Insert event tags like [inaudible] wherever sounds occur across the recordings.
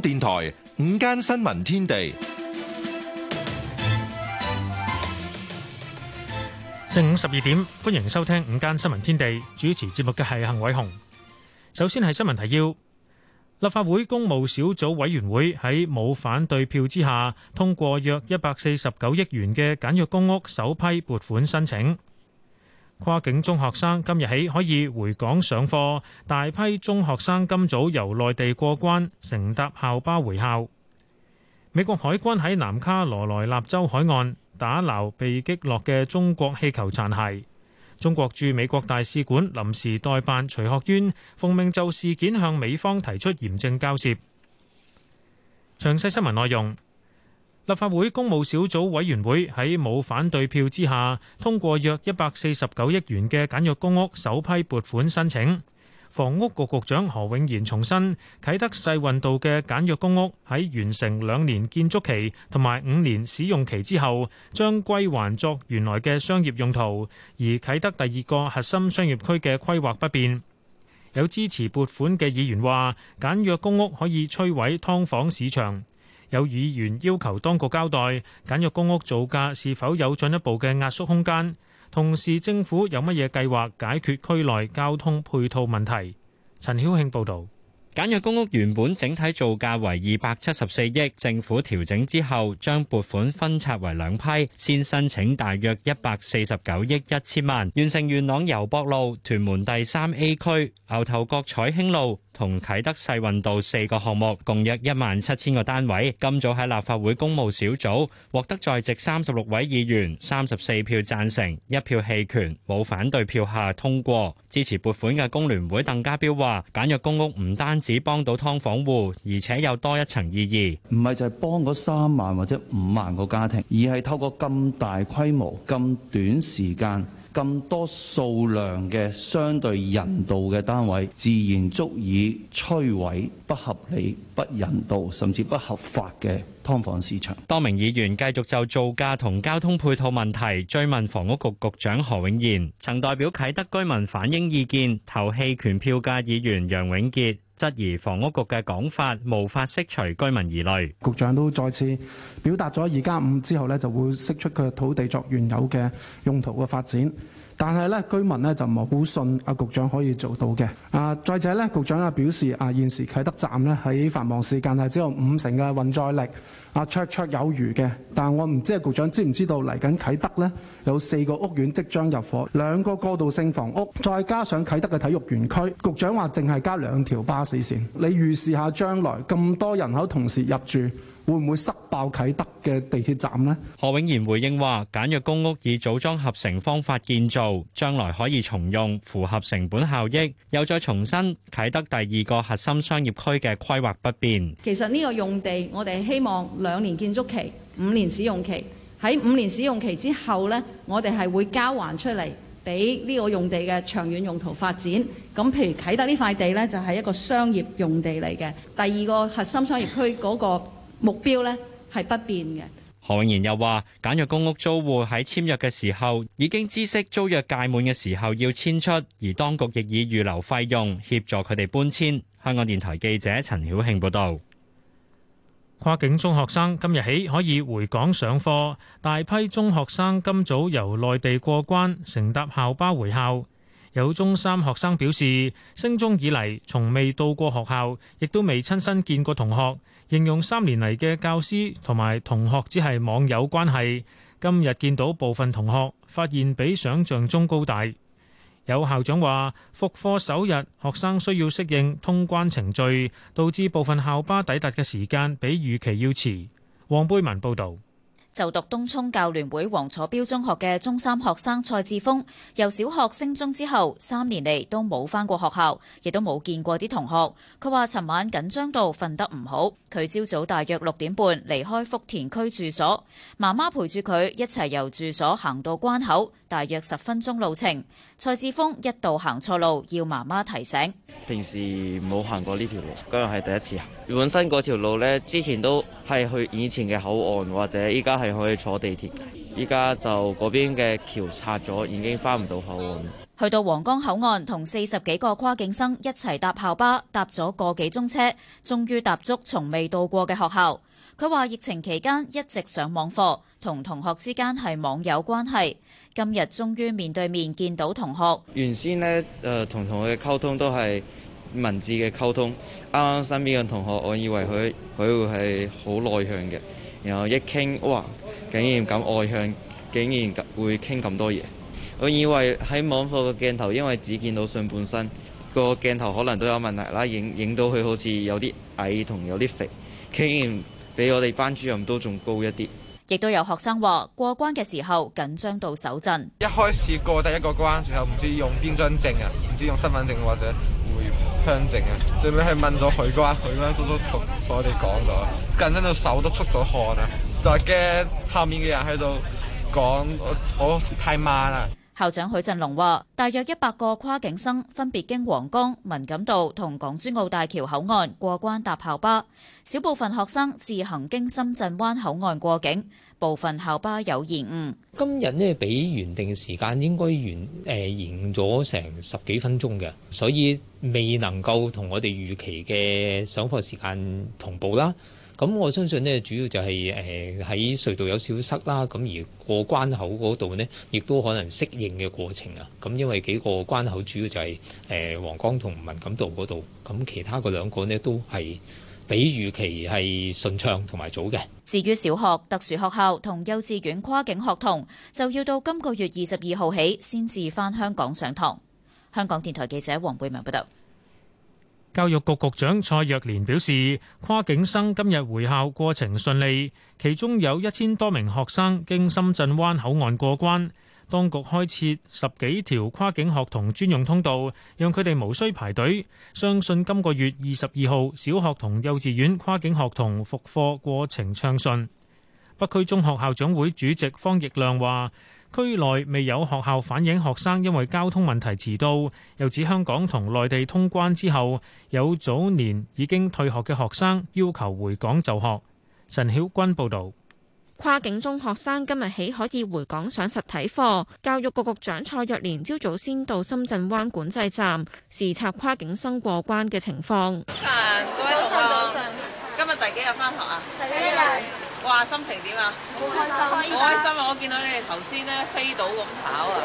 電台午間新聞天地，正午十二點，歡迎收聽午間新聞天地。主持節目嘅係幸偉雄。首先係新聞提要：立法會公務小組委員會喺冇反對票之下，通過約一百四十九億元嘅簡約公屋首批撥款申請。跨境中學生今日起可以回港上課，大批中學生今早由內地過關，乘搭校巴回校。美國海軍喺南卡羅來納州海岸打撈被擊落嘅中國氣球殘骸。中國駐美國大使館臨時代辦徐學淵奉命就事件向美方提出嚴正交涉。詳細新聞內容。立法會公務小組委員會喺冇反對票之下通過約一百四十九億元嘅簡約公屋首批撥款申請。房屋局局長何永賢重申，啟德世運道嘅簡約公屋喺完成兩年建築期同埋五年使用期之後，將歸還作原來嘅商業用途，而啟德第二個核心商業區嘅規劃不變。有支持撥款嘅議員話：簡約公屋可以摧毀劏房市場。有議員要求當局交代簡約公屋造價是否有進一步嘅壓縮空間，同時政府有乜嘢計劃解決區內交通配套問題。陳曉慶報導。簡約公屋原本整體造價為二百七十四億，政府調整之後將撥款分拆為兩批，先申請大約一百四十九億一千萬，完成元朗攸壆路、屯門第三 A 區、牛頭角彩興路同啟德世運道四個項目，共約一萬七千個單位。今早喺立法會公務小組獲得在席三十六位議員，三十四票贊成，一票棄權，冇反對票下通過。支持撥款嘅工聯會鄧家彪話：簡約公屋唔單只幫到劏房戶，而且有多一層意義，唔係就係幫嗰三萬或者五萬個家庭，而係透過咁大規模、咁短時間、咁多數量嘅相對人道嘅單位，自然足以摧毀不合理、不人道甚至不合法嘅劏房市場。多名議員繼續就造價同交通配套問題追問房屋局局長何永賢，曾代表啟德居民反映意見投棄權票嘅議員楊永傑。質疑房屋局嘅講法，無法釋除居民疑慮。局長都再次表達咗，二加五之後呢，就會釋出佢土地作原有嘅用途嘅發展。但係咧，居民咧就唔係好信阿局長可以做到嘅。啊，再者咧，局長也表示啊，現時啟德站咧喺繁忙時間係只有五成嘅運載力，啊，綽綽有餘嘅。但我唔知阿局長知唔知道嚟緊啟德咧有四個屋苑即將入伙，兩個過渡性房屋，再加上啟德嘅體育園區。局長話淨係加兩條巴士線，你預示下將來咁多人口同時入住，會唔會塞爆啟德嘅地鐵站呢？何永賢回應話：簡約公屋以組裝合成方法建造，將來可以重用，符合成本效益。又再重申，啟德第二個核心商業區嘅規劃不變。其實呢個用地，我哋希望兩年建築期、五年使用期。喺五年使用期之後呢，我哋係會交還出嚟俾呢個用地嘅長遠用途發展。咁譬如啟德呢塊地呢，就係一個商業用地嚟嘅。第二個核心商業區嗰個。目標呢係不變嘅。何永賢又話：簡約公屋租戶喺簽約嘅時候已經知悉租約屆滿嘅時候要遷出，而當局亦已預留費用協助佢哋搬遷。香港電台記者陳曉慶報道。跨境中學生今日起可以回港上課，大批中學生今早由內地過關，乘搭校巴回校。有中三學生表示，升中以嚟從未到過學校，亦都未親身見過同學。形容三年嚟嘅教師同埋同學只係網友關係。今日見到部分同學，發現比想象中高大。有校長話：復課首日，學生需要適應通關程序，導致部分校巴抵達嘅時間比預期要遲。黃貝文報導。就讀東涌教聯會黃楚標中學嘅中三學生蔡志峰，由小學升中之後，三年嚟,都冇返過學校，亦都冇見過啲同學。佢話尋晚緊張到瞓得唔好，佢朝早大約六點半離開福田區住所，媽媽陪住佢一齊由住所行到關口。大約十分鐘路程，蔡志峰一度行錯路，要媽媽提醒。平時冇行過呢條路，今日係第一次行。本身嗰條路呢，之前都係去以前嘅口岸，或者依家係可以坐地鐵。依家就嗰邊嘅橋拆咗，已經翻唔到口岸。去到皇崗口岸，同四十幾個跨境生一齊搭校巴，搭咗個幾鐘車，終於踏足從未到過嘅學校。佢話疫情期間一直上網課，同同學之間係網友關係。今日終於面對面見到同學，原先呢，誒、呃、同同學嘅溝通都係文字嘅溝通。啱啱身邊嘅同學，我以為佢佢會係好內向嘅，然後一傾，哇！竟然咁外向，竟然會傾咁多嘢。我以為喺網課嘅鏡頭，因為只見到上半身，這個鏡頭可能都有問題啦，影影到佢好似有啲矮同有啲肥，竟然比我哋班主任都仲高一啲。亦都有學生話：過關嘅時候緊張到手震。一開始過第一個關時候，唔知用邊張證啊，唔知用身份證或者回鄉證啊。最尾係問咗許關，許關叔叔同我哋講咗，緊張到手都出咗汗啊，就係驚下面嘅人喺度講我我太慢啦。校長許振龍話，大約一百個跨境生分別經皇崗、文錦道同港珠澳大橋口岸過關搭校巴，小部分學生自行經深圳灣口岸過境，部分校巴有延誤。今日呢，比原定時間應該延誒延咗成十幾分鐘嘅，所以未能夠同我哋預期嘅上課時間同步啦。咁我相信呢主要就係誒喺隧道有少塞啦，咁而過關口嗰度呢亦都可能適應嘅過程啊。咁因為幾個關口主要就係誒皇崗同文錦渡嗰度，咁其他嗰兩個咧都係比預期係順暢同埋早嘅。至於小學特殊學校同幼稚園跨境學童，就要到今個月二十二號起先至翻香港上堂。香港電台記者黃貝文報道。教育局局長蔡若蓮表示，跨境生今日回校過程順利，其中有一千多名學生經深圳灣口岸過關。當局開設十幾條跨境學童專用通道，讓佢哋無需排隊。相信今個月二十二號小學同幼稚園跨境學童復課過程暢順。北區中學校長會主席方逸亮話。區內未有學校反映學生因為交通問題遲到，又指香港同內地通關之後，有早年已經退學嘅學生要求回港就學。陳曉君報導。跨境中學生今日起可以回港上實體課。教育局局長蔡若蓮朝早先到深圳灣管制站視察跨境生過關嘅情況。上上，今日第幾日返學啊？第幾日？哇，心情點啊？好開心，好開心啊！我見到你哋頭先咧飛到咁跑啊，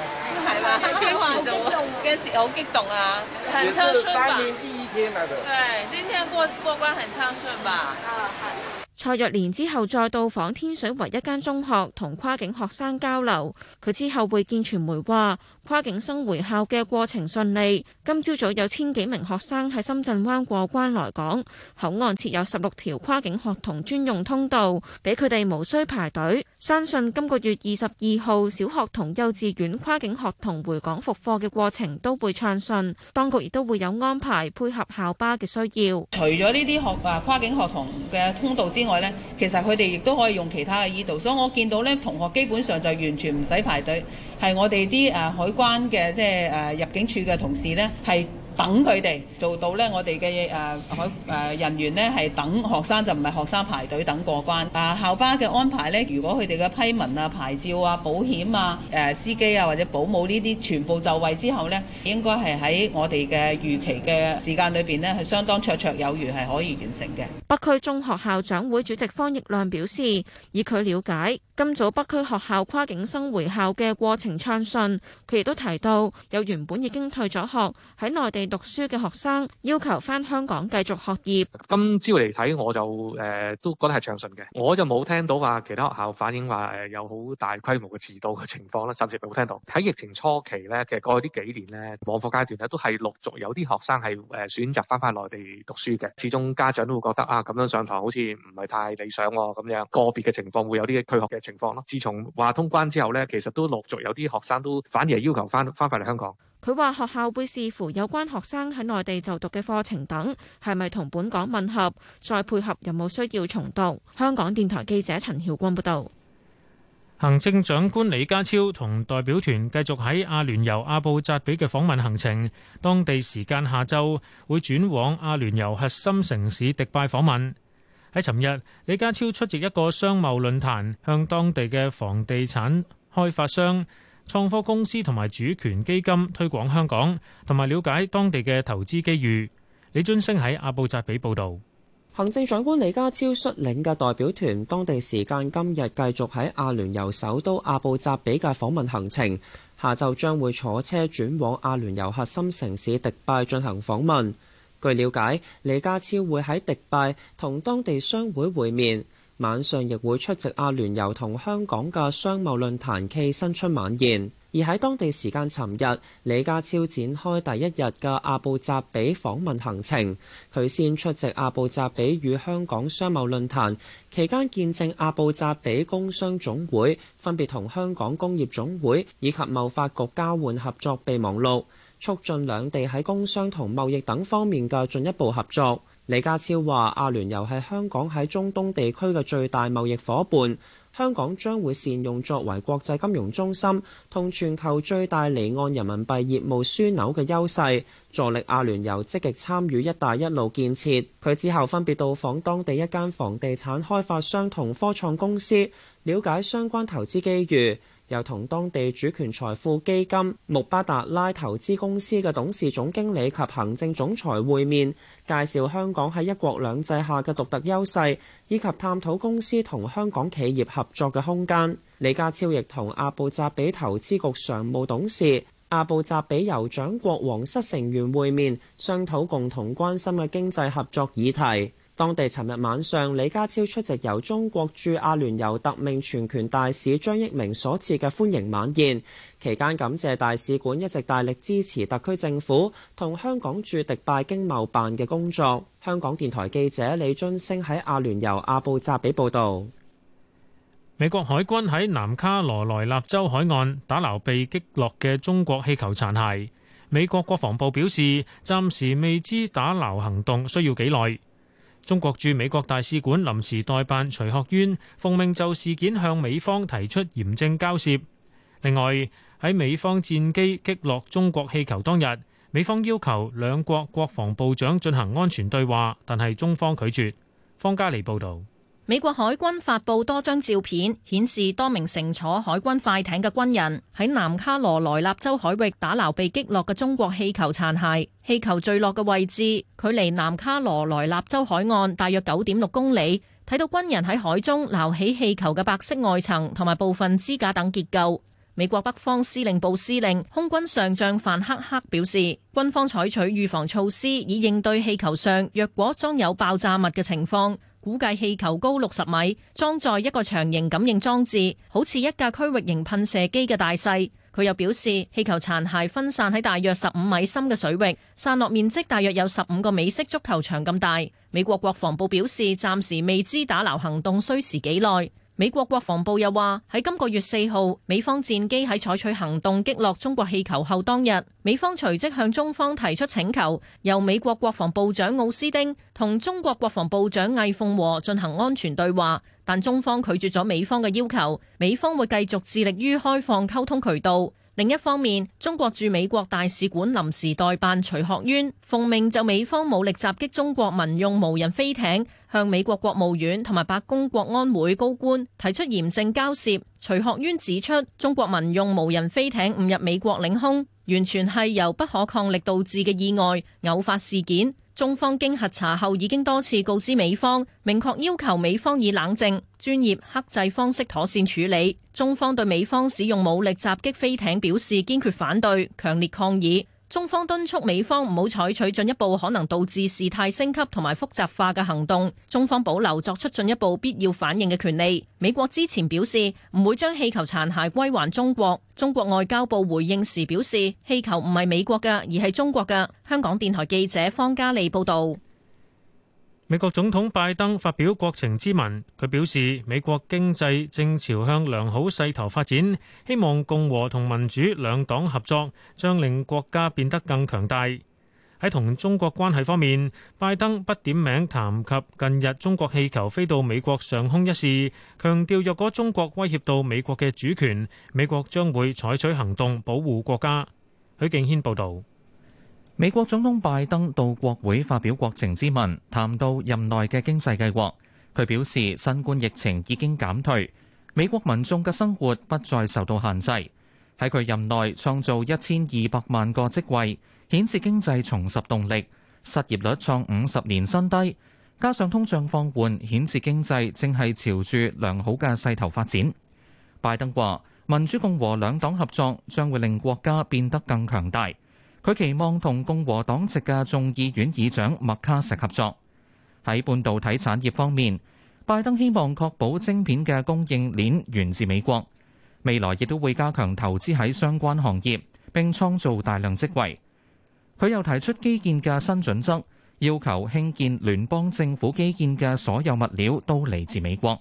係嘛？ [laughs] 驚嚇到，驚時 [laughs] 好激動啊！很也是三天第一,一天嚟的。對，今天過過關很暢順吧？啊，好、啊。蔡若蓮之後再到訪天水圍一間中學，同跨境學生交流。佢之後會見傳媒話，跨境生回校嘅過程順利。今朝早有千幾名學生喺深圳灣過關來港，口岸設有十六條跨境學童專用通道，俾佢哋無需排隊。相信今個月二十二號小學同幼稚園跨境學童回港復課嘅過程都會暢順，當局亦都會有安排配合校巴嘅需要。除咗呢啲學跨境學童嘅通道之外，咧，其實佢哋亦都可以用其他嘅耳道，所以我見到咧同學基本上就完全唔使排隊。係我哋啲誒海關嘅即係誒、啊、入境處嘅同事咧係。等佢哋做到呢，我哋嘅誒海誒人員呢，係等學生就唔係學生排隊等過關啊，校巴嘅安排呢，如果佢哋嘅批文啊、牌照啊、保險啊、誒司機啊或者保姆呢啲全部就位之後呢，應該係喺我哋嘅預期嘅時間裏邊呢，係相當綽綽有餘，係可以完成嘅。北區中學校長會主席方奕亮表示，以佢了解。今早北區學校跨境生回校嘅過程暢順，佢亦都提到有原本已經退咗學喺內地讀書嘅學生要求返香港繼續學業。今朝嚟睇我就誒、呃、都覺得係暢順嘅，我就冇聽到話其他學校反映話誒有好大規模嘅遲到嘅情況咧，甚至冇聽到喺疫情初期呢，其實過去呢幾年呢，網課階段咧都係陸續有啲學生係誒選擇返返內地讀書嘅，始終家長都會覺得啊咁樣上堂好似唔係太理想咁、哦、樣，個別嘅情況會有啲退學嘅情況。情況咯，自從話通關之後呢，其實都陸續有啲學生都反而要求翻翻返嚟香港。佢話學校會視乎有關學生喺內地就讀嘅課程等，係咪同本港吻合，再配合有冇需要重讀。香港電台記者陳曉光報道。行政長官李家超同代表團繼續喺阿聯酋阿布扎比嘅訪問行程，當地時間下晝會轉往阿聯酋核心城市迪拜訪問。喺尋日，李家超出席一個商貿論壇，向當地嘅房地產開發商、創科公司同埋主權基金推廣香港，同埋了解當地嘅投資機遇。李尊升喺阿布扎比報道，行政長官李家超率領嘅代表團，當地時間今日繼續喺阿聯酋首都阿布扎比嘅訪問行程，下晝將會坐車轉往阿聯酋核心城市迪拜進行訪問。據了解，李家超會喺迪拜同當地商會會面，晚上亦會出席阿聯酋同香港嘅商貿論壇暨新春晚宴。而喺當地時間尋日，李家超展開第一日嘅阿布扎比訪問行程，佢先出席阿布扎比與香港商貿論壇，期間見證阿布扎比工商總會分別同香港工業總會以及貿發局交換合作備忘錄。促進兩地喺工商同貿易等方面嘅進一步合作。李家超話阿聯酋係香港喺中東地區嘅最大貿易夥伴，香港將會善用作為國際金融中心同全球最大離岸人民幣業務樞紐嘅優勢，助力阿聯酋積極參與一帶一路建設，佢之後分別到訪當地一間房地產開發商同科創公司，了解相關投資機遇。又同當地主權財富基金穆巴達拉投資公司嘅董事總經理及行政總裁會面，介紹香港喺一國兩制下嘅獨特優勢，以及探討公司同香港企業合作嘅空間。李家超亦同阿布扎比投資局常務董事、阿布扎比酋長國王室成員會面，商討共同關心嘅經濟合作議題。當地尋日晚上，李家超出席由中國駐阿聯酋特命全權大使張益明所設嘅歡迎晚宴，期間感謝大使館一直大力支持特區政府同香港駐迪拜經貿辦嘅工作。香港電台記者李津升喺阿聯酋阿布扎比報導。美國海軍喺南卡羅來納州海岸打撈被擊落嘅中國氣球殘骸。美國國防部表示，暫時未知打撈行動需要幾耐。中國駐美國大使館臨時代辦徐學淵奉命就事件向美方提出嚴正交涉。另外，喺美方戰機擊落中國氣球當日，美方要求兩國國防部長進行安全對話，但係中方拒絕。方家莉報道。美國海軍發佈多張照片，顯示多名乘坐海軍快艇嘅軍人喺南卡羅來納州海域打撈被擊落嘅中國氣球殘骸。氣球墜落嘅位置，距離南卡羅來納州海岸大約九點六公里。睇到軍人喺海中撈起氣球嘅白色外層同埋部分支架等結構。美國北方司令部司令、空軍上將范克克表示，軍方採取預防措施，以應對氣球上若果裝有爆炸物嘅情況。估計氣球高六十米，裝載一個長形感應裝置，好似一架區域型噴射機嘅大細。佢又表示，氣球殘骸分散喺大約十五米深嘅水域，散落面積大約有十五個美式足球場咁大。美國國防部表示，暫時未知打撈行動需時幾耐。美國國防部又話，喺今個月四號，美方戰機喺採取行動擊落中國氣球後，當日美方隨即向中方提出請求，由美國國防部長奧斯丁同中國國防部長魏鳳和進行安全對話，但中方拒絕咗美方嘅要求。美方會繼續致力於開放溝通渠道。另一方面，中國駐美國大使館臨時代辦徐學淵奉命就美方武力襲擊中國民用無人飛艇，向美國國務院同埋白宮國安會高官提出嚴正交涉。徐學淵指出，中國民用無人飛艇誤入美國領空，完全係由不可抗力導致嘅意外偶發事件。中方經核查後已經多次告知美方，明確要求美方以冷靜、專業、克制方式妥善處理。中方對美方使用武力襲擊飛艇表示堅決反對，強烈抗議。中方敦促美方唔好採取進一步可能導致事態升級同埋複雜化嘅行動，中方保留作出進一步必要反應嘅權利。美國之前表示唔會將氣球殘骸歸還中國，中國外交部回應時表示，氣球唔係美國嘅，而係中國嘅。香港電台記者方嘉莉報道。美國總統拜登發表國情咨文，佢表示美國經濟正朝向良好勢頭發展，希望共和同民主兩黨合作，將令國家變得更強大。喺同中國關係方面，拜登不點名談及近日中國氣球飛到美國上空一事，強調若果中國威脅到美國嘅主權，美國將會採取行動保護國家。許敬軒報道。美國總統拜登到國會發表國情咨文，談到任內嘅經濟計劃。佢表示，新冠疫情已經減退，美國民眾嘅生活不再受到限制。喺佢任內創造一千二百萬個職位，顯示經濟重拾動力，失業率創五十年新低，加上通脹放緩，顯示經濟正係朝住良好嘅勢頭發展。拜登話，民主共和兩黨合作將會令國家變得更強大。佢期望同共和黨籍嘅眾議院議長麥卡錫合作。喺半導體產業方面，拜登希望確保晶片嘅供應鏈源自美國，未來亦都會加強投資喺相關行業，並創造大量職位。佢又提出基建嘅新準則，要求興建聯邦政府基建嘅所有物料都嚟自美國。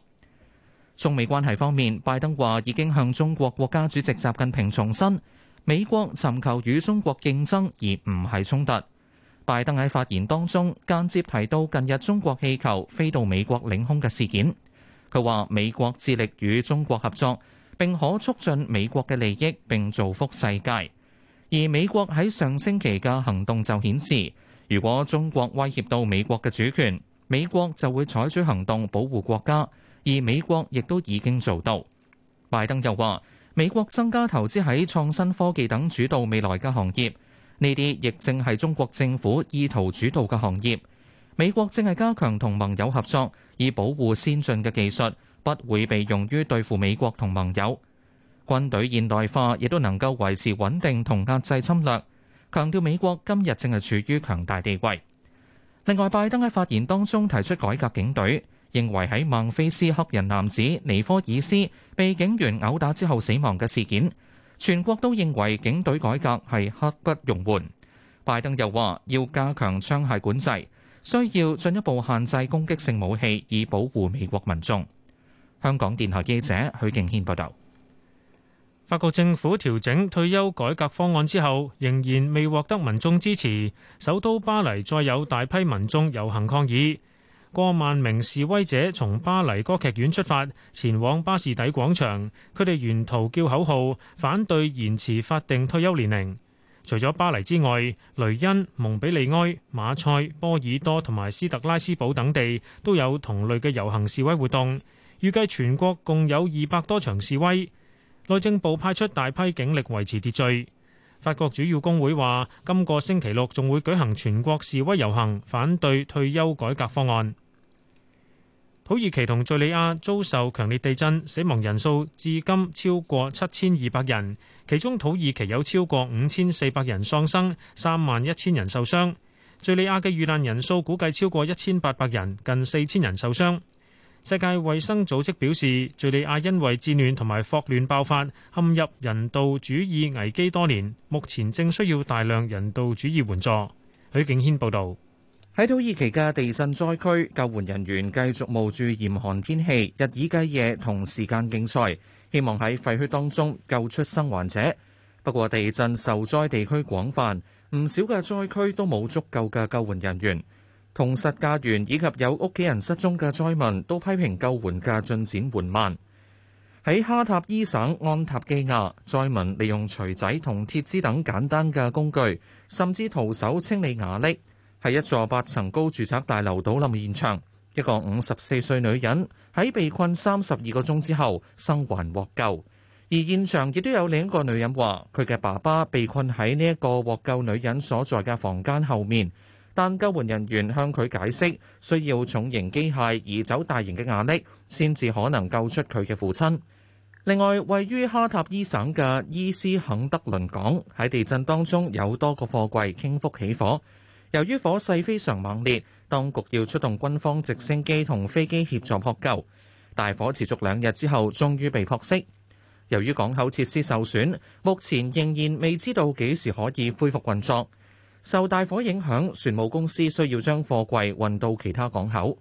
中美關係方面，拜登話已經向中國國家主席習近平重申，美國尋求與中國競爭，而唔係衝突。拜登喺發言當中間接提到近日中國氣球飛到美國領空嘅事件。佢話：美國致力與中國合作，並可促進美國嘅利益，並造福世界。而美國喺上星期嘅行動就顯示，如果中國威脅到美國嘅主權，美國就會採取行動保護國家。而美國亦都已經做到。拜登又話：美國增加投資喺創新科技等主導未來嘅行業，呢啲亦正係中國政府意圖主導嘅行業。美國正係加強同盟友合作，以保護先進嘅技術，不會被用於對付美國同盟友。軍隊現代化亦都能夠維持穩定同壓制侵略，強調美國今日正係處於強大地位。另外，拜登喺發言當中提出改革警隊。認為喺孟菲斯黑人男子尼科爾斯被警員毆打之後死亡嘅事件，全國都認為警隊改革係刻不容緩。拜登又話要加強槍械管制，需要進一步限制攻擊性武器，以保護美國民眾。香港電台記者許敬軒報導。法國政府調整退休改革方案之後，仍然未獲得民眾支持。首都巴黎再有大批民眾遊行抗議。過萬名示威者從巴黎歌劇院出發，前往巴士底廣場。佢哋沿途叫口號，反對延遲法定退休年齡。除咗巴黎之外，雷恩、蒙比利埃、馬賽、波爾多同埋斯特拉斯堡等地都有同類嘅遊行示威活動。預計全國共有二百多場示威。內政部派出大批警力維持秩序。法國主要工會話，今個星期六仲會舉行全國示威遊行，反對退休改革方案。土耳其同敘利亞遭受強烈地震，死亡人數至今超過七千二百人，其中土耳其有超過五千四百人喪生，三萬一千人受傷。敘利亞嘅遇難人數估計超過一千八百人，近四千人受傷。世界衛生組織表示，敍利亞因為戰亂同埋霍亂爆發，陷入人道主義危機多年，目前正需要大量人道主義援助。許景軒報導，喺土耳其嘅地震災區，救援人員繼續冒住嚴寒天氣，日以繼夜，同時間競賽，希望喺廢墟當中救出生還者。不過，地震受災地區廣泛，唔少嘅災區都冇足夠嘅救援人員。痛失家園以及有屋企人失蹤嘅災民都批評救援嘅進展緩慢。喺哈塔伊省安塔基亞，災民利用錘仔同鐵枝等簡單嘅工具，甚至徒手清理瓦礫。係一座八層高住宅大樓倒冧嘅現場，一個五十四歲女人喺被困三十二個鐘之後生還獲救。而現場亦都有另一個女人話：佢嘅爸爸被困喺呢一個獲救女人所在嘅房間後面。但救援人員向佢解釋，需要重型機械移走大型嘅瓦礫，先至可能救出佢嘅父親。另外，位於哈塔伊省嘅伊斯肯德倫港喺地震當中有多個貨櫃傾覆起火，由於火勢非常猛烈，當局要出動軍方直升機同飛機協助撲救。大火持續兩日之後，終於被撲熄。由於港口設施受損，目前仍然未知道幾時可以恢復運作。受大火影響，船務公司需要將貨櫃運到其他港口。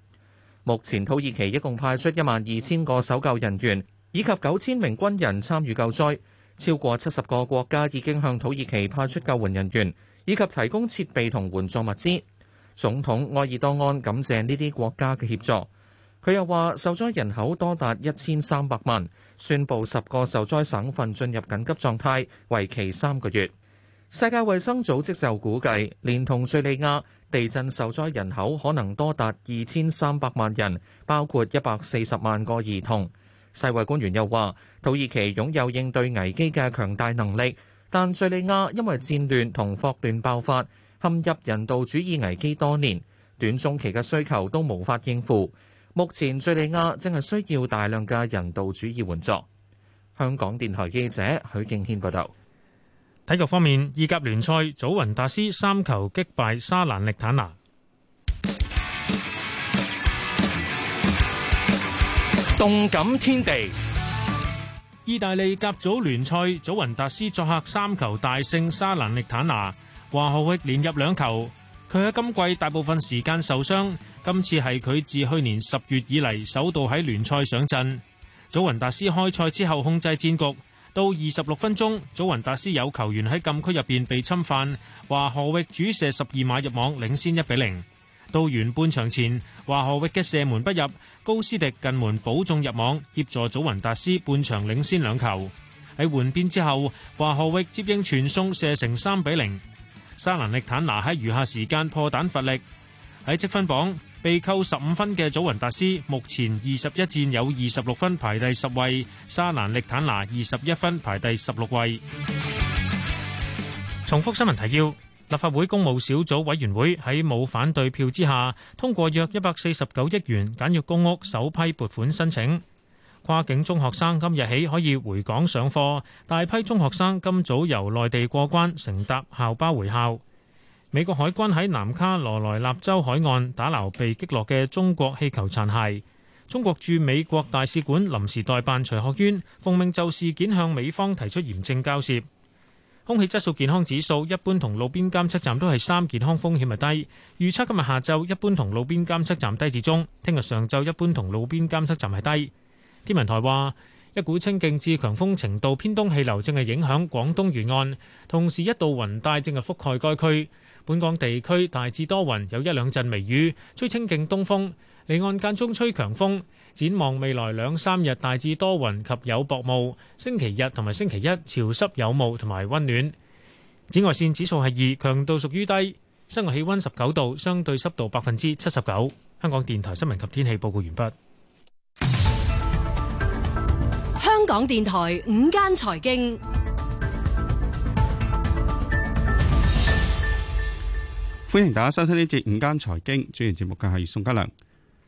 目前土耳其一共派出一萬二千個搜救人員以及九千名軍人參與救災，超過七十個國家已經向土耳其派出救援人員以及提供設備同援助物資。總統埃爾多安感謝呢啲國家嘅協助。佢又話受災人口多達一千三百萬，宣布十個受災省份進入緊急狀態，為期三個月。世界衛生組織就估計，連同敘利亞地震受災人口可能多達二千三百萬人，包括一百四十萬個兒童。世衛官員又話，土耳其擁有應對危機嘅強大能力，但敘利亞因為戰亂同霍亂爆發，陷入人道主義危機多年，短中期嘅需求都無法應付。目前敘利亞淨係需要大量嘅人道主義援助。香港電台記者許敬軒報道。體育方面，意甲聯賽，祖雲達斯三球擊敗沙蘭力坦拿。動感天地，意大利甲組聯賽，祖雲達斯作客三球大勝沙蘭力坦拿，華浩域連入兩球。佢喺今季大部分時間受傷，今次係佢自去年十月以嚟首度喺聯賽上陣。祖雲達斯開賽之後控制戰局。到二十六分鐘，祖雲達斯有球員喺禁區入邊被侵犯，華荷域主射十二碼入網，領先一比零。到完半場前，華荷域嘅射門不入，高斯迪近門保中入網，協助祖雲達斯半場領先兩球。喺換邊之後，華荷域接應傳送射，射成三比零。沙蘭力坦拿喺餘下時間破蛋乏力，喺積分榜。被扣十五分嘅祖雲達斯，目前二十一戰有二十六分，排第十位；沙蘭力坦拿二十一分，排第十六位。重複新聞提要：立法會公務小組委員會喺冇反對票之下，通過約一百四十九億元簡約公屋首批撥款申請。跨境中學生今日起可以回港上課，大批中學生今早由內地過關，乘搭校巴回校。美國海軍喺南卡羅來納州海岸打撈被擊落嘅中國氣球殘骸。中國駐美國大使館臨時代辦徐學淵奉命就事件向美方提出嚴正交涉。空氣質素健康指數一般同路邊監測站都係三，健康風險係低。預測今日下晝一般同路邊監測站低至中，聽日上晝一般同路邊監測站係低。天文台話一股清勁至強風程度偏東氣流正係影響廣東沿岸，同時一道雲帶正係覆蓋該，該區。本港地區大致多雲，有一兩陣微雨，吹清勁東風，離岸間中吹強風。展望未來兩三日，大致多雲及有薄霧。星期日同埋星期一潮濕有霧同埋温暖。紫外線指數係二，強度屬於低。室外氣溫十九度，相對濕度百分之七十九。香港電台新聞及天氣報告完畢。香港電台午間財經。歡迎大家收聽呢節午間財經，主持節目嘅係宋家良。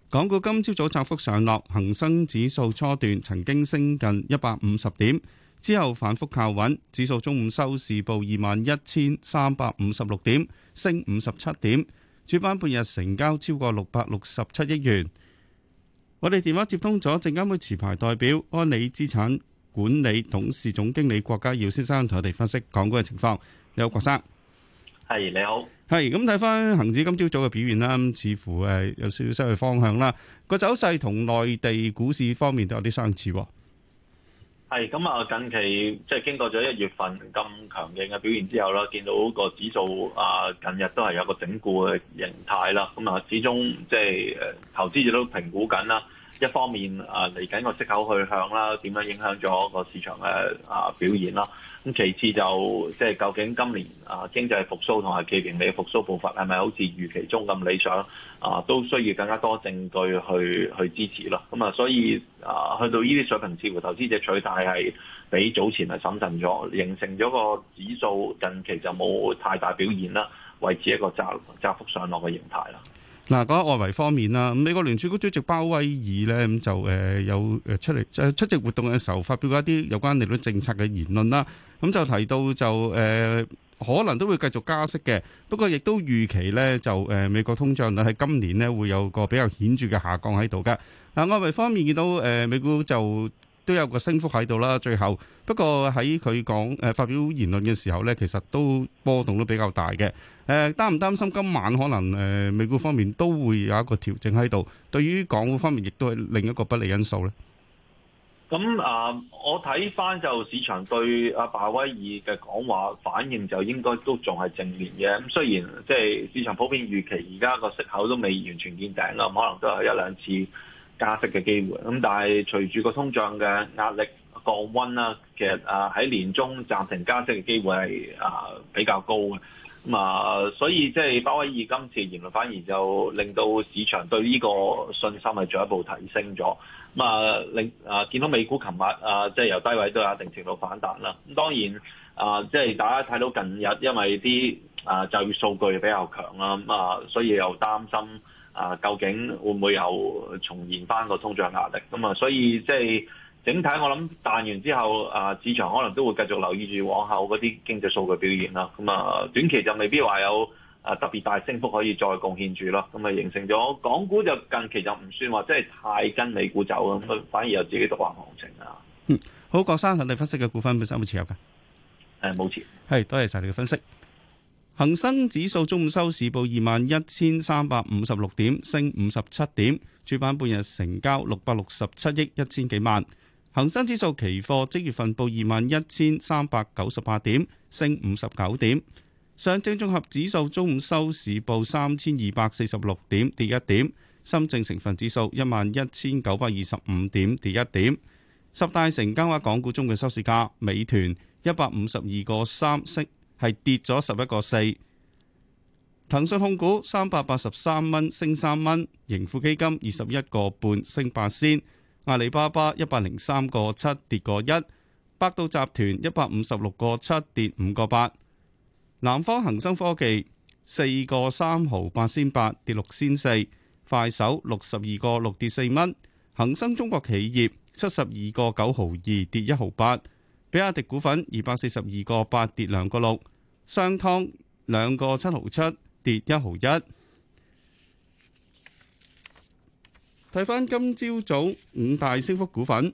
港股今朝早窄幅上落，恒生指數初段曾經升近一百五十點，之後反復靠穩，指數中午收市報二萬一千三百五十六點，升五十七點。主板半日成交超過六百六十七億元。我哋電話接通咗證監會持牌代表安理資產管理董事總經理郭家耀先生，同我哋分析港股嘅情況。你好，郭生。係，你好。係，咁睇翻恒指今朝早嘅表現啦，似乎誒有少少失去方向啦。個走勢同內地股市方面都有啲相似。係，咁啊，近期即係經過咗一月份咁強勁嘅表現之後啦，見到個指數啊近日都係有個整固嘅形態啦。咁啊，始終即係誒，投資者都評估緊啦。一方面啊嚟緊個息口去向啦，點樣影響咗個市場嘅啊表現啦。咁其次就即係究竟今年啊經濟復甦同埋企業盈利嘅復甦步伐係咪好似預期中咁理想啊，都需要更加多證據去去支持咯。咁啊，所以啊去到呢啲水平，似乎投資者取態係比早前係審慎咗，形成咗個指數近期就冇太大表現啦，維持一個窄窄幅上落嘅形態啦。嗱，講外圍方面啦，美國聯儲局主席鮑威爾咧，咁就誒有誒出嚟誒出席活動嘅時候，發表一啲有關利率政策嘅言論啦。咁就提到就誒可能都會繼續加息嘅，不過亦都預期咧就誒美國通脹率喺今年咧會有個比較顯著嘅下降喺度嘅。嗱，外圍方面見到誒美股就，都有個升幅喺度啦，最後不過喺佢講誒發表言論嘅時候呢，其實都波動都比較大嘅。誒擔唔擔心今晚可能誒、呃、美股方面都會有一個調整喺度，對於港股方面亦都係另一個不利因素呢？咁啊、呃，我睇翻就市場對阿鮑威爾嘅講話反應就應該都仲係正面嘅。咁雖然即係市場普遍預期而家個息口都未完全見頂啦，可能都係一兩次。加息嘅機會，咁但係隨住個通脹嘅壓力降溫啦，其實啊喺年中暫停加息嘅機會係啊比較高嘅，咁、嗯、啊所以即係鮑威爾今次言論反而就令到市場對呢個信心係進一步提升咗，咁、嗯、啊令啊見到美股琴日啊即係、就是、由低位都有一定程度反彈啦，咁、嗯、當然啊即係、就是、大家睇到近日因為啲啊就業數據比較強啦，咁啊所以又擔心。啊，究竟會唔會有重現返個通脹壓力咁啊、嗯？所以即係整體，我諗彈完之後，啊，市場可能都會繼續留意住往後嗰啲經濟數據表現啦。咁啊，短期就未必話有啊特別大升幅可以再貢獻住咯。咁啊、嗯，形成咗港股就近期就唔算話真係太跟美股走咁啊，反而有自己獨立行情啊。嗯，好，郭生，你分析嘅股份本身有冇持有㗎？誒、嗯，冇持。係，多謝晒你嘅分析。恒生指數中午收市報二萬一千三百五十六點，升五十七點。主板半日成交六百六十七億一千幾萬。恒生指數期貨即月份報二萬一千三百九十八點，升五十九點。上證綜合指數中午收市報三千二百四十六點，跌一點。深證成分指數一萬一千九百二十五點，跌一點。十大成交額港股中嘅收市價，美團一百五十二個三升。係跌咗十一個四，騰訊控股三百八十三蚊升三蚊，盈富基金二十一個半升八仙，阿里巴巴一百零三個七跌個一，百度集團一百五十六個七跌五個八，南方恒生科技四個三毫八仙八跌六仙四，快手六十二個六跌四蚊，恒生中國企業七十二個九毫二跌一毫八，比亞迪股份二百四十二個八跌兩個六。商湯兩個七毫七跌一毫一，睇返今朝早，早五大升幅股份：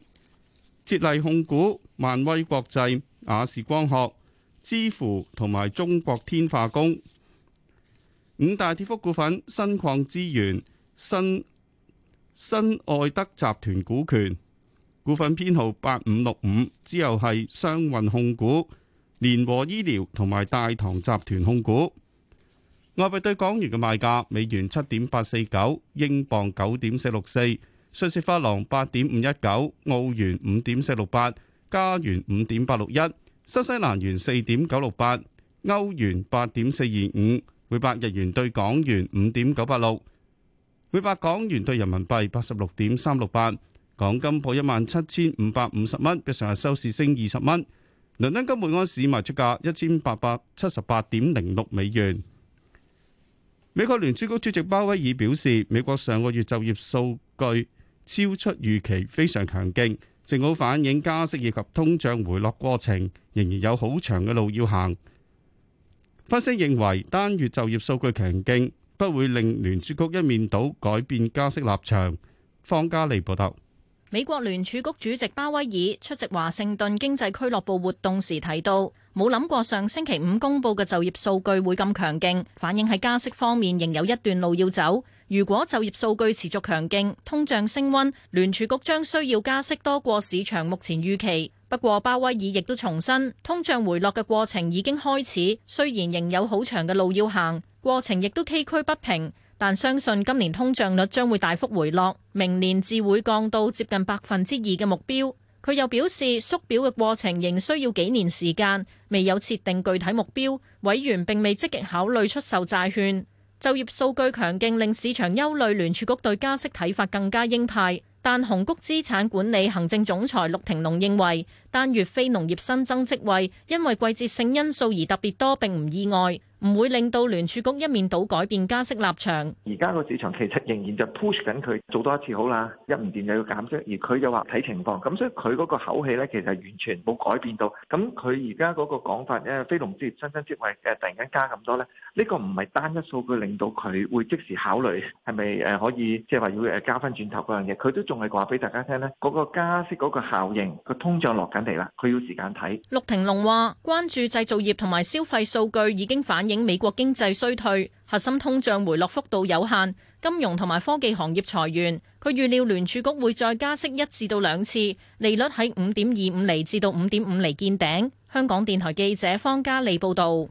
捷麗控股、萬威國際、雅視光學、知乎同埋中國天化工。五大跌幅股份：新礦資源、新新愛德集團股權股份編號八五六五，之後係商運控股。聯和醫療同埋大唐集團控股。外幣對港元嘅賣價：美元七點八四九，英鎊九點四六四，瑞士法郎八點五一九，澳元五點四六八，加元五點八六一，新西蘭元四點九六八，歐元八點四二五，每百日元對港元五點九八六，每百港元對人民幣八十六點三六八。港金破一萬七千五百五十蚊，比上日收市升二十蚊。倫敦金每安士賣出價一千八百七十八點零六美元。美國聯儲局主席鮑威爾表示，美國上個月就業數據超出預期，非常強勁，正好反映加息以及通脹回落過程仍然有好長嘅路要行。分析認為，單月就業數據強勁不會令聯儲局一面倒改變加息立場。方嘉利報道。美國聯儲局主席鮑威爾出席華盛頓經濟俱樂部活動時提到，冇諗過上星期五公布嘅就業數據會咁強勁，反映喺加息方面仍有一段路要走。如果就業數據持續強勁，通脹升溫，聯儲局將需要加息多過市場目前預期。不過，鮑威爾亦都重申，通脹回落嘅過程已經開始，雖然仍有好長嘅路要行，過程亦都崎嶇不平。但相信今年通脹率將會大幅回落，明年至會降到接近百分之二嘅目標。佢又表示，縮表嘅過程仍需要幾年時間，未有設定具體目標。委員並未積極考慮出售債券。就業數據強勁，令市場憂慮聯儲局對加息睇法更加鷹派。但紅谷資產管理行政總裁陸廷龍認為，單月非農業新增職位因為季節性因素而特別多，並唔意外。唔會令到聯儲局一面倒改變加息立場。而家個市場其實仍然就 push 緊佢做多一次好啦，一唔掂就要減息。而佢就話睇情況，咁所以佢嗰個口氣咧，其實完全冇改變到。咁佢而家嗰個講法咧，非農就業新增職位嘅突然間加咁多咧，呢、這個唔係單一數據令到佢會即時考慮係咪誒可以即係話要誒加翻轉頭嗰樣嘢。佢都仲係話俾大家聽咧，嗰、那個加息嗰個效應個通脹落緊嚟啦，佢要時間睇。陸廷龍話關注製造業同埋消費數據已經反。影美國經濟衰退、核心通脹回落幅度有限、金融同埋科技行業裁員。佢預料聯儲局會再加息一至到兩次，利率喺五點二五厘至到五點五厘見頂。香港電台記者方嘉利報道。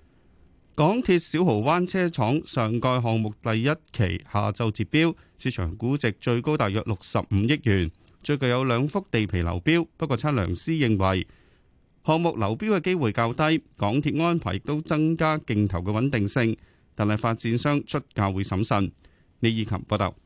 港鐵小蚝灣車廠上蓋項目第一期下晝截標，市場估值最高大約六十五億元，最近有兩幅地皮流標。不過測量師認為。項目流標嘅機會較低，港鐵安排亦都增加競投嘅穩定性，但係發展商出價會審慎。李以琴報道。 [noise]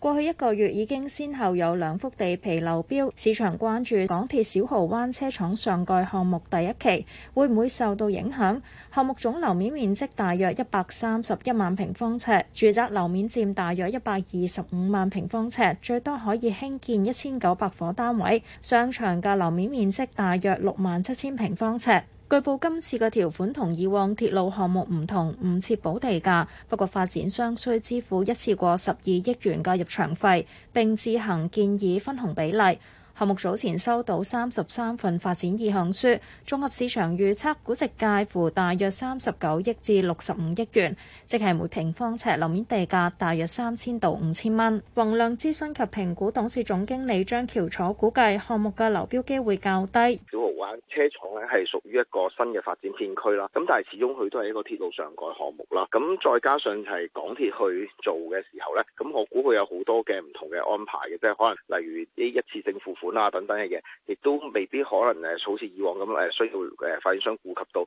過去一個月已經先後有兩幅地皮流標，市場關注港鐵小蠔灣車廠上蓋項目第一期會唔會受到影響？項目總樓面面積大約一百三十一萬平方尺，住宅樓面佔大約一百二十五萬平方尺，最多可以興建一千九百伙單位，商場嘅樓面面積大約六萬七千平方尺。據報今次嘅條款同以往鐵路項目唔同，唔設補地價，不過發展商需支付一次過十二億元嘅入場費，並自行建議分紅比例。項目早前收到三十三份發展意向書，綜合市場預測估值介乎大約三十九億至六十五億元，即係每平方尺樓面地價大約三千到五千蚊。宏亮諮詢及評估董事總經理張喬楚估計項目嘅流標機會較低。小蠔灣、啊、車廠咧係屬於一個新嘅發展片區啦，咁但係始終佢都係一個鐵路上蓋項目啦，咁再加上係港鐵去做嘅時候呢，咁我估佢有好多嘅唔同嘅安排嘅，即係可能例如呢一次性付款。啦，等等嘅嘢，亦都未必可能誒好似以往咁誒需要誒發展商顧及到誒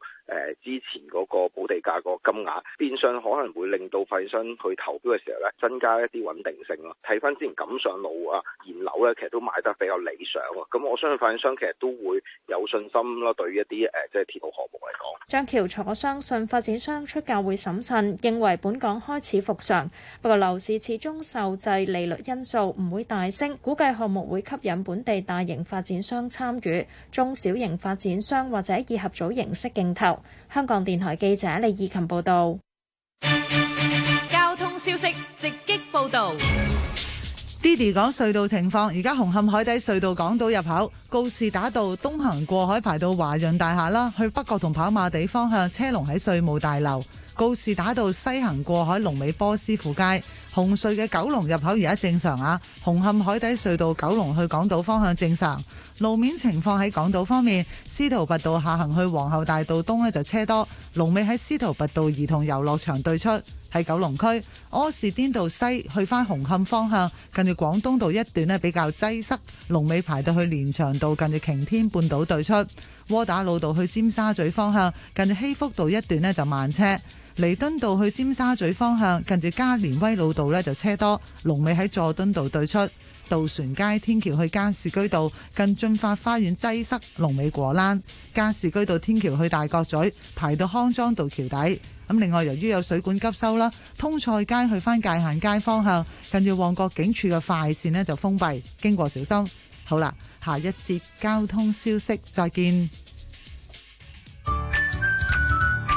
之前嗰個補地價個金額，變相可能會令到發展商去投標嘅時候咧，增加一啲穩定性咯。睇翻之前錦上路啊、現樓咧，其實都賣得比較理想啊。咁我相信發展商其實都會有信心咯，對於一啲誒、呃、即係鐵路項目嚟講。張橋楚我相信發展商出價會審慎，認為本港開始復常，不過樓市始終受制利率因素，唔會大升，估計項目會吸引本地大型發展商參與，中小型發展商或者以合組形式競投。香港電台記者李以琴報道。交通消息直擊報導。d i 講隧道情況，而家紅磡海底隧道港島入口告士打道東行過海排到華潤大廈啦，去北角同跑馬地方向車龍喺稅務大樓。告士打道西行過海，龍尾波斯富街；紅隧嘅九龍入口而家正常啊。紅磡海底隧道九龍去港島方向正常。路面情況喺港島方面，司徒拔道下行去皇后大道東呢，就車多，龍尾喺司徒拔道兒童遊樂場對出，喺九龍區柯士甸道西去翻紅磡方向，近住廣東道一段呢，比較擠塞，龍尾排到去連翔道近住擎天半島對出。窩打老道去尖沙咀方向，近住希福道一段呢，就慢車。彌敦道去尖沙咀方向，近住加連威老道呢，就車多，龍尾喺佐敦道對出；渡船街天橋去加士居道，近駿發花園擠塞，龍尾果欄；加士居道天橋去大角咀，排到康莊道橋底。咁另外，由於有水管急修啦，通菜街去翻界限街方向，近住旺角警署嘅快線呢，就封閉，經過小心。好啦，下一節交通消息，再見。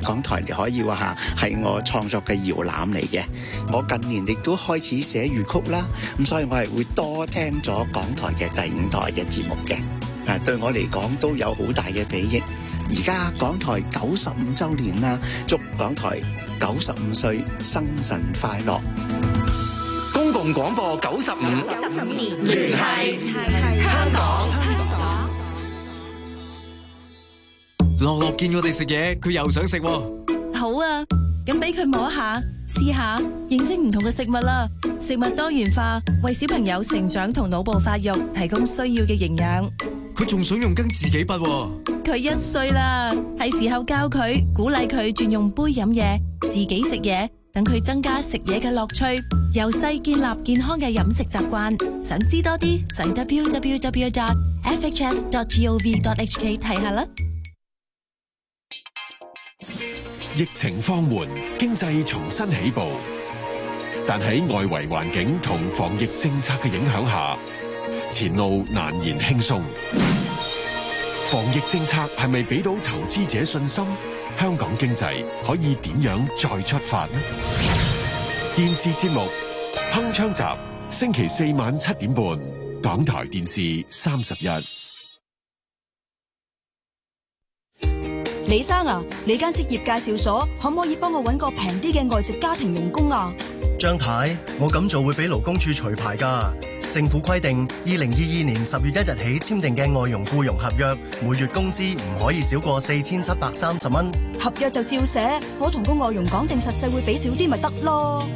港台你可以話吓，係我創作嘅搖籃嚟嘅。我近年亦都開始寫粵曲啦，咁所以我係會多聽咗港台嘅第五台嘅節目嘅。誒，對我嚟講都有好大嘅裨益。而家港台九十五周年啦，祝港台九十五歲生辰快樂！公共廣播九十五年，聯繫香港。樂樂見我哋食嘢，佢又想食。好啊，咁俾佢摸下，試下認識唔同嘅食物啦。食物多元化，為小朋友成長同腦部發育提供需要嘅營養。佢仲想用跟自己筆。佢一歲啦，係時候教佢，鼓勵佢轉用杯飲嘢，自己食嘢，等佢增加食嘢嘅樂趣，由細建立健康嘅飲食習慣。想知多啲，上 www.fhs.gov.hk 睇下啦。疫情放緩，經濟重新起步，但喺外圍環境同防疫政策嘅影響下，前路難言輕鬆。防疫政策係咪俾到投資者信心？香港經濟可以點樣再出發呢？電視節目鏗鏘集，星期四晚七點半，港台電視三十一。李生啊，你間職業介紹所可唔可以幫我揾個平啲嘅外籍家庭傭工啊？張太，我咁做會俾勞工處除牌噶。政府規定，二零二二年十月一日起簽訂嘅外傭僱傭合約，每月工資唔可以少過四千七百三十蚊。合約就照寫，我同個外傭講定，實際會俾少啲咪得咯。